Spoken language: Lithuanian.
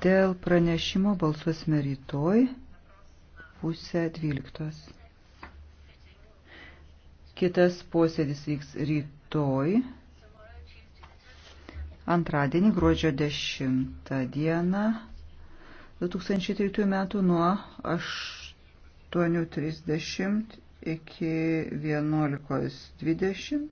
Dėl pranešimo balsuosime rytoj pusę dvyliktos. Kitas posėdis vyks rytoj, antradienį gruodžio 10 dieną 2003 metų nuo 8.30 iki 11.20.